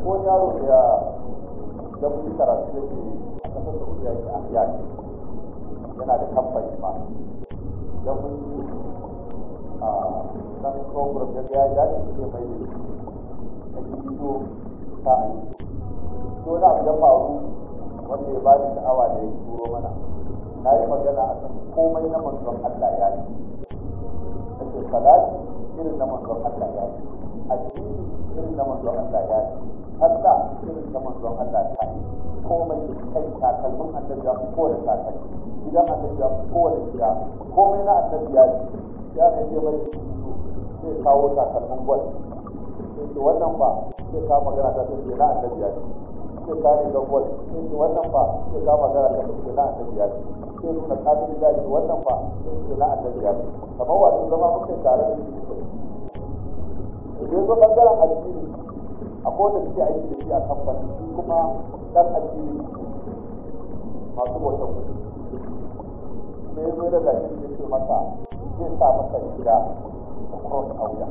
ko yaro da da kuma karatu da ke a kasar da kuma yake an yaki yana da kamfani ma da mun a nan program da ya ce ne mai da shi a gido ta a yi to na abu da faru wanda ya ba da sha'awa da ya turo mana na yi magana a san komai na manzon Allah ya yi ake salati irin na manzon Allah ya yi addini irin na manzon Allah ya yi Allah irin da manzon Allah ta yi komai kai takalmin annabi ya ko da takalmi gidan annabi ya ko da gida komai na annabi ya ji ya ne ce mai sai kawo takalmin gwal sai wannan ba sai ka magana ta sai na annabi ya sai ka ne ga gwal sai wannan ba sai ka magana ta sai na annabi ya sai nuna kafin ya ji wannan ba sai na annabi ya kamar wato zama muka tare da shi ne zo bangaren addini a wanda suke aiki da shi a kamfani shi kuma dan addini masu wata kuɗi sai ya da gashi ya ce masa zai sa masa gida da a wuya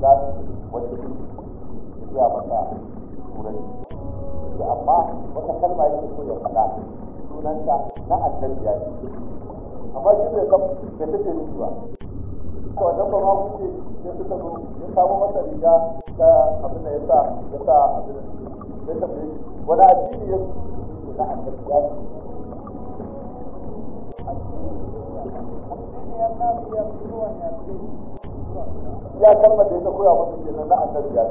za su wata shi ya masa turanci ce amma wata kalma yake so ya faɗa sunanta na annabiya ce amma shi bai san da take nufi ba ko da ba ma kuke da suka zo ya samu masa riga da abin da ya sa ya sa abin da ya tafi wani addini ya na annabi ya ya kalma da ya koya masa kenan na annabi ya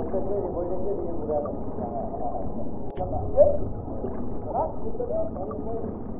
Thank eh? you.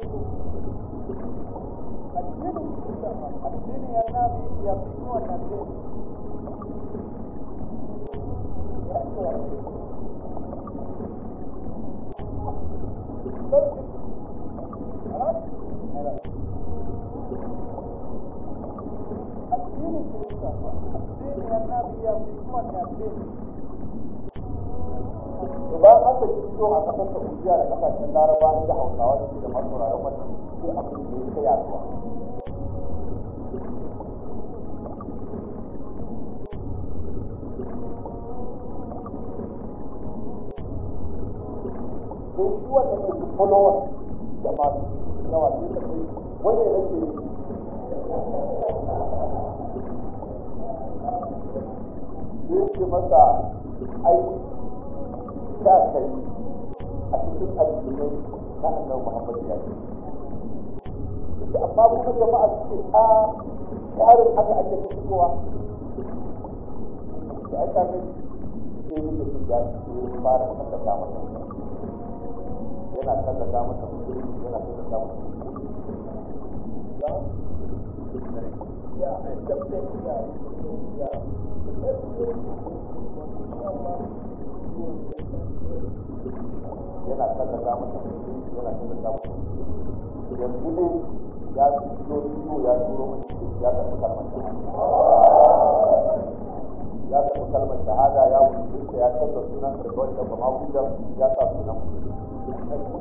ndani ya dhambi yapigwa na deni Dini Kirista, dini ya Nabi na deni. Ba a kasar Saudiya da kasashen ke da sai shi wannan da su follower da masu yawa sai da sai wanda ya rage sai ce masa ai da kai a cikin addinai na annabi Muhammad ya ce amma kuma jama'a suke ta shaharar haka ake fitowa da aka kai ne da su da su fara kasa samun yana tallata mata musulunci yana tallata mata yana tsallaka Ya musulunci yana tsallaka mata yanzu ne ya turo ya turo musulunci ya ya karɓar faɗi kalmar shahada ya musulunta ya canza sunan karbawancan ba magudan ya sa sunan na ji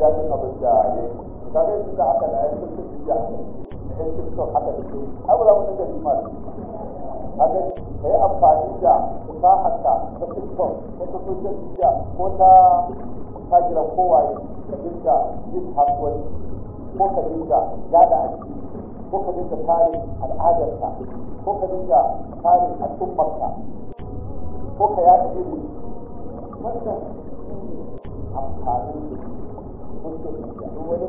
daɗin abin da ya yi kaga yanzu da haka da ya yi ɗan tiktok haka da ke ai ba za mu da a ga ka yi amfani da fasaharka ta tiktok ko ta social media ko ta tagira kowaye ka dinga yin kasuwanci ko ka dinga yada aiki ko ka dinga kare al'adarka ko ka dinga kare al'ummarka ko ka yada ilimi wannan amfanin social media